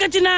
yëkkati na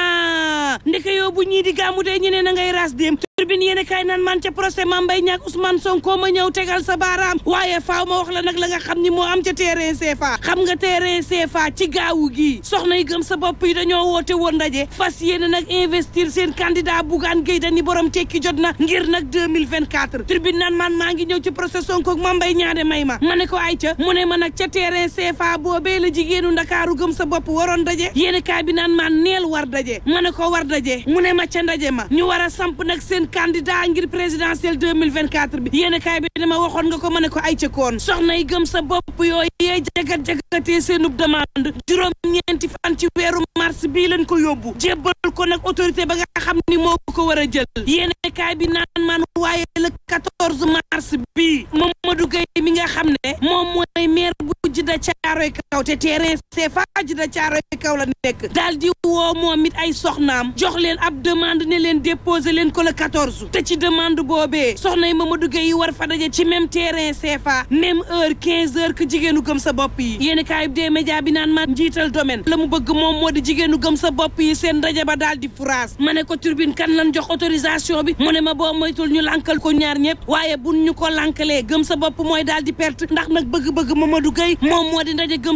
ndeke yoo bu ñii di gàmmu tey ñeneen a ngay ras dem tribune yéen a kaay naan man ca procès Mame Mbaye Niang Ousmane Sonko ma ñëw tegal sa baaraam waaye faaw ma wax la nag la nga xam ni moo am ca terrain CFA xam nga terrain CFA ci gaawu gii soxna yi gëm sa bopp yi dañoo woote woon ndaje fas yéene nag investir seen candidat Bougane Gueye Dany borom tekki jot na ngir nag 2024 tribune naan man maa ngi ñëw ci procès Sonko ak Mame Mbaye Niang de may ma ma ne ko ay ca mu ne ma nag ca terrain CFA boobee la jigéenu Ndakaaru gëm sa bopp waroon daje yéen a kaay bi naan man neel war daje ma ne ko war daje mu ne ma ca ndaje ma ñu war a samp nag seen candidat ngir présidentielle 2024 bi yéen a kaay bi dama waxoon nga ko ma ne ko ay cëkkoon soxna yi gëm sa bopp yooyu yee jagat-jagatee seenub demande juróom-ñeenti fan ci weeru mars bii lañ ko yóbbu jébbal ko nag autorité ba nga xam ni moo ko war a jël yéen a kaay bi naan man waaye le 14 mars bii Mamadou Gueye mi nga xam ne moom mooy maire bu jidda caaroy kaw te terrain CFA Djiddah Thiaroye kaw la nekk daal di woo moom it ay soxnaam jox leen ab demande ne leen déposé leen ko le 14 te ci demande boobee soxna yi Mamadou Gueye yi war fa daje ci même terrain CFA même heure 15 heures que jigéenu gëm sa bopp yi yéeni kaay bi dee média bi naan man njiital domaine la mu bëgg moom moo di jigéenu gëm sa bopp yi seen ndaje ba daal di furaas ma ne ko turbine kan lan jox autorisation bi mu ne ma boo moytul ñu lànkal ko ñaar ñëpp waaye buñ ñu ko lànkalee gëm sa bopp mooy daal di perte ndax nag bëgg-bëgg Mamadou Gueye moom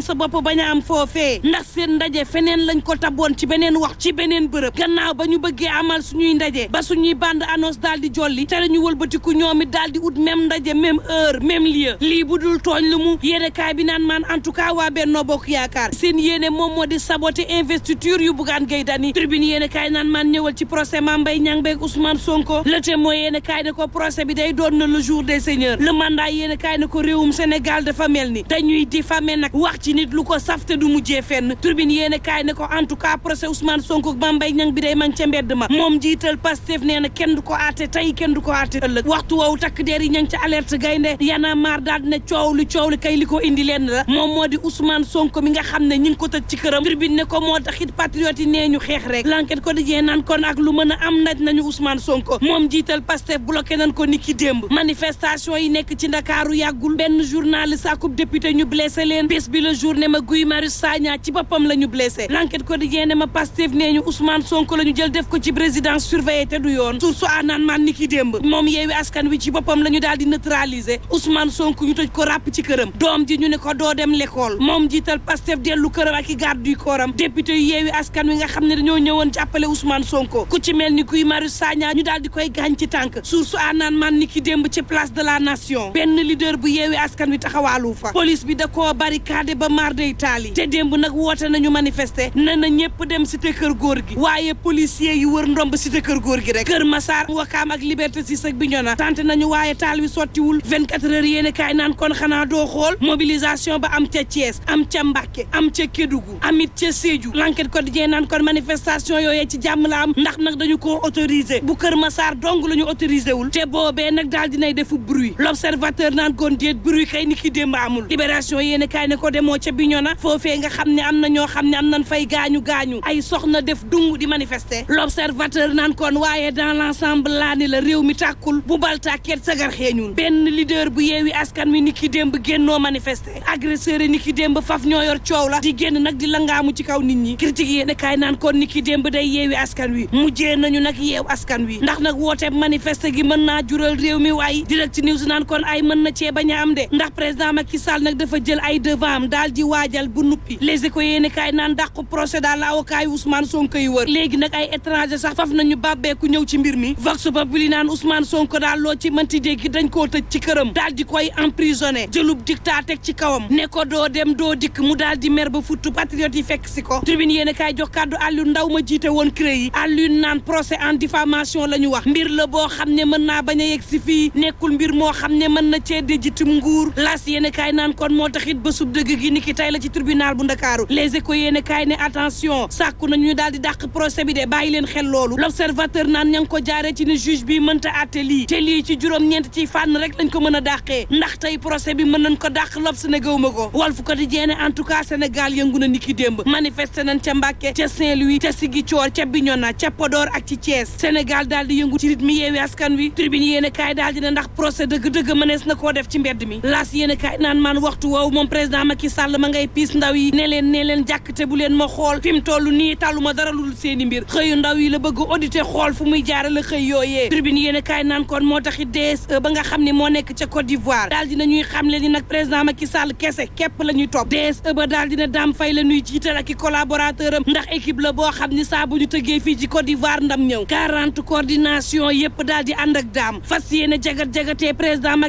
sa bopp bañ am foofee ndax seen ndaje feneen lañ ko taboon ci beneen wax ci beneen bërëb gannaaw ba ñu bëggee amal suñuy ndaje ba suñuy band annonce daal di jolli te la ñu walbatiku ñoom it daal di ut même ndaje même heure même lieu lii bu dul tooñ lu mu yéenekaay bi naan maan en tout cas waa Benno Bokk Yaakaar seen yéene moom moo di saboté investiture yu Bougane Gueye Dany tribune yéenekaay naan maan ñëwal ci procès Mame Mbaye Niang beeg Ousmane Sonko le témoin yéenekaay ne ko procès bi day doon na le jour des seigneurs le mandat yéenekaay ne ko réewum Sénégal dafa mel ni dañuy nit lu ko saf te du mujjee fenn turbine yéene kaay ne ko en tout cas procès Ousmane Sonko ak bi day man ca mbedd ma moom jiital Pastef nee na ko aate a démb manifestation yi nekk ci Ndakaaru yàggul benn journaliste akub député ñu blessé leen bés bi la jour ne ma Guy Marius Sagna ci boppam la ñu blessé l'enquête quotidien ne ma Pastef nee ñu Ousmane Sonko la jël def ko ci présidence surveillée te du yoon suuf su aanaan maan ni démb moom ko ràpp ci këram doom ji ñu ne ko doo dem l'école moom jiital Pastef dellu këram ak i garde du corps am yu yeewi askan wi nga xam ne dañoo ñëwoon jàppale Ousmane Sonko ku ci mel ni Guy Marius Sagna ñu daal di koy gaañ ci tànk suuf su aanaan maan ni ki démb ci place de la nation benn leader bu yeewi askan wi taxawaalu fa police maar day taali te démb nag woote nañu manifester na na ñëpp dem cité kër góor gi waaye policier yi wër ndomb cité kër góor gi rek kër Massar Wakaam ak Liberté si ak Bignona tant nañu waaye taal wi sottiwul 24 heures yéen kaay naan kon xanaa doo xool mobilisation ba am ca Thiès am ca Mbàkke am ca Kédougou amit ca Sédhiou l'enquête quotidien naan kon manifestation yooyee ci jàmm la am ndax nag dañu ko autorisé bu kër Massar dong lañu ñu autorisé wul te boobee nag daal dinay defu bruit l'observateur naan kon déet bruit kay ni ki démb ca Bignona foofee nga xam ne am na ñoo xam ne nañ fay gaañu gaañu ay soxna def dung di manifester l'observateur naan kon waaye dans l'ensemble laa ni la réew mi tàkkul bu bal tàkkeet sagar xeeñul benn leader bu yeewi askan wi ni ki démb génnoo manifester agresseur yi ni ki démb faf ñoo yor coow la di génn nag di langaamu ci kaw nit ñi critique yéen kaay naan koon ni ki démb day yeewi askan wi mujjee nañu nag yeew askan wi ndax nag woote manifeste gi mën naa jural rée mi waay direct news naan kon ay mën na cee bañ a am de ndax président Macky Sall dafa jël ay devant daal ji waajal bu nuppi les ko yéene naan dàqu procès daal la avocat yi Ousmane yi wër léegi nag ay étranger sax faf nañu bàbbeeku ñëw ci mbir mi vox populi naan Ousmane Sonko daal loo ci mënti dégg dañ koo tëj ci këram daal di koy emprisonné jëlub dictat teg ci kawam ne ko doo dem doo dikk mu daal di mer ba futtu patriote yi fekk si ko tribune yéene kaay jox kàddu Alioune Ndaw ma jiite woon cré yi Alioune naan procès en diffamation la ñu wax mbir la boo xam ne mën naa bañ a yegg si nekkul mbir moo xam ne mën na cee déjitum nguur las yéene kaay naan kon moo taxit ba sub dëgg gi niki tey la ci tribunal bu ndakaaru les a dàqee ndax tey procès bi mën nañ ko dàq lob Sénégal yëngu na niki démb manifesté nañ ca Mbàkke ca Saint-Louis ca Ziguinchor ca Bignona ca Podor ak ci Thiès Sénégal daal di yëngu ci rythme yeewi askan wi tribune yéene kaay daal ndax procès dëgg-dëgg mënees na koo def ci mbedd mi laas yéene naan maan waxtu woowu moom président Macky Sall Sall ma ngay piis ndaw yi ne leen ne leen jàkk te bu leen ma xool fi mu toll nii tàlluma dara lu dul seen mbir xëyu ndaw yi la bëgg audité xool fu muy jaare la xëy yooyee tribune yéen a naan kon moo taxi DSE ba nga xam ne moo nekk ca Côte d'Ivoire daal dina ñuy xam le ni nag président Macky Sall kese képp la ñuy topp DSE ba dina daam fay la ñuy jiital ak i collaborateur am ndax équipe la boo xam ni saa bu ñu tëggee fii ci Côte d'Ivoire ndam ñëw quarante coordination yëpp daal di ànd ak daam fas yéene jagat jagatee président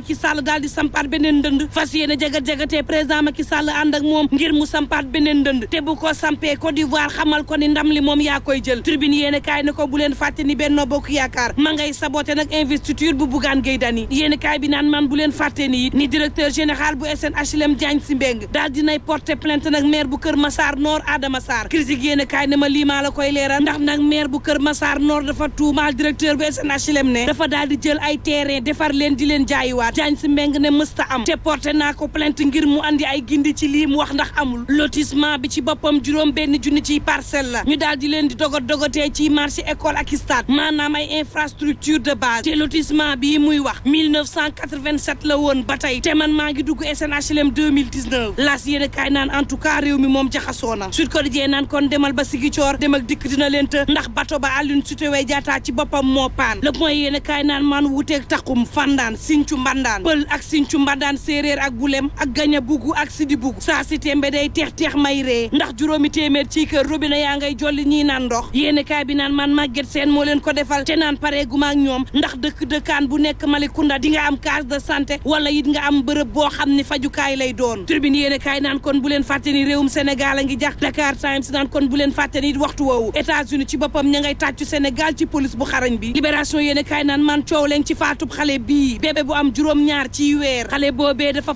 beneen ndënd fas yéene jagat jagatee président Macky Sall ànd ak moom ngir mu sampaat beneen ndënd te bu ko sampee Côte d'Ivoire xamal ko ni ndam li moom yaa koy jël tribune yéene kaay ne ko bu leen fàtte ni Benno Bokk Yaakaar ma ngay saboté nag investiture bu Bougane Gueye Dany yéene kaay bi naan man bu leen fàtte ni ni directeur général bu SNHLM Diagne Simbeng daal dinay porté plainte nag maire bu Kër Massar Nord Adama Sarr critique yéene kaay ne ma lii maa la koy leeral ndax nag maire bu Kër Massar Nord dafa tuumaal directeur bu SNHLM ne dafa daal di jël ay terrain defar leen di leen jaayiwaat Diagne Simbeng ne mësta am te porté naa ko plainte ngir mu andi ay lii mu wax ndax amul lotissement bi ci boppam juróom benn junni ciy parcelle la ñu daal di leen di dogot dogotee ci marché école ak stade maanaam ay infrastructure de base te lotissement bii muy wax 1987 la woon ba tey man maa ngi dugg SNHLM 2019 las yéen kaay naan en tout cas réew mi moom jaxasoo na Sud Quotidien naan kon demal ba Sigicoor dem ak dikk dina leen ndax bato ba Aline Sitoé Diatta ci boppam moo paan Le Point yéen kaay naan man wuuteeg taxum fandaan Sinthiou Mbandaan pël ak Sinthiou Mbandaan séeréer ak Bulem ak Gaña Bugu ak Sidi Bugu saa si tembe day teex teex may ree ndax juróomi téeméer ci kër robinet yaa ngay jolli ñii naan ndox yéeni kaay bi naan man Maguette seen moo leen ko defal te naan pare gu ma ak ñoom ndax dëkk dëkkaan bu nekk Malicounda di nga am case de santé wala it nga am bërëb boo xam ni fajukaay lay doon tribune yéeni kaay naan kon bu leen fàtte ni réewum Sénégal a ngi jax Dakar Times naan kon bu leen fàtte ni waxtu woowu États-Unis ci boppam ña ngay tàccu Sénégal ci police bu xarañ bi libération yéeni kaay naan man coow leen ci faatub xale bii bébé bu ñaar ci weer xale boobee dafa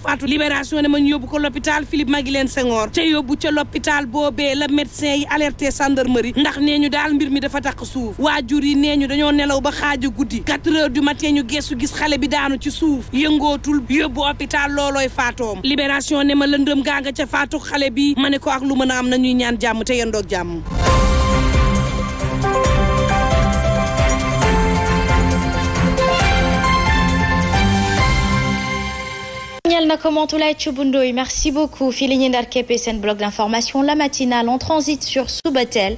Philippe Maguilène Senghor ca yóbbu ca l'hôpital boobee la médecin yi alerté gendarmerie ndax nee ñu daal mbir mi dafa taq suuf waajur yi nee ñu dañoo nelaw ba xaaju guddi quatre heures du matin ñu geesu gis xale bi daanu ci suuf yëngootul yóbbu hôpital loolooy faatoom libération ne ma lëndëm gaa nga ca faatu xale bi ma ne ko ak lu mën a am na ñuy ñaan jàmm te yendoog jàmm ñeel na ko Mantoulaye Thioub Ndoye merci beaucoup fii la ñuy ndar képpee seen bloc d'information la matinale en transit sur Soubatel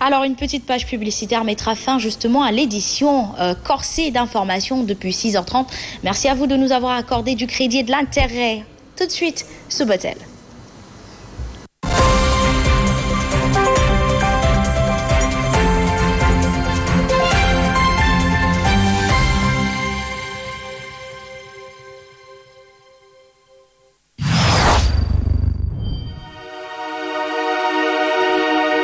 alors une petite page publicitaire mettra fin justement à l'édition euh, corsée d'information depuis 6h30 merci à vous de nous avoir accordé du crédit et de l'intérêt tout de suite Soubatel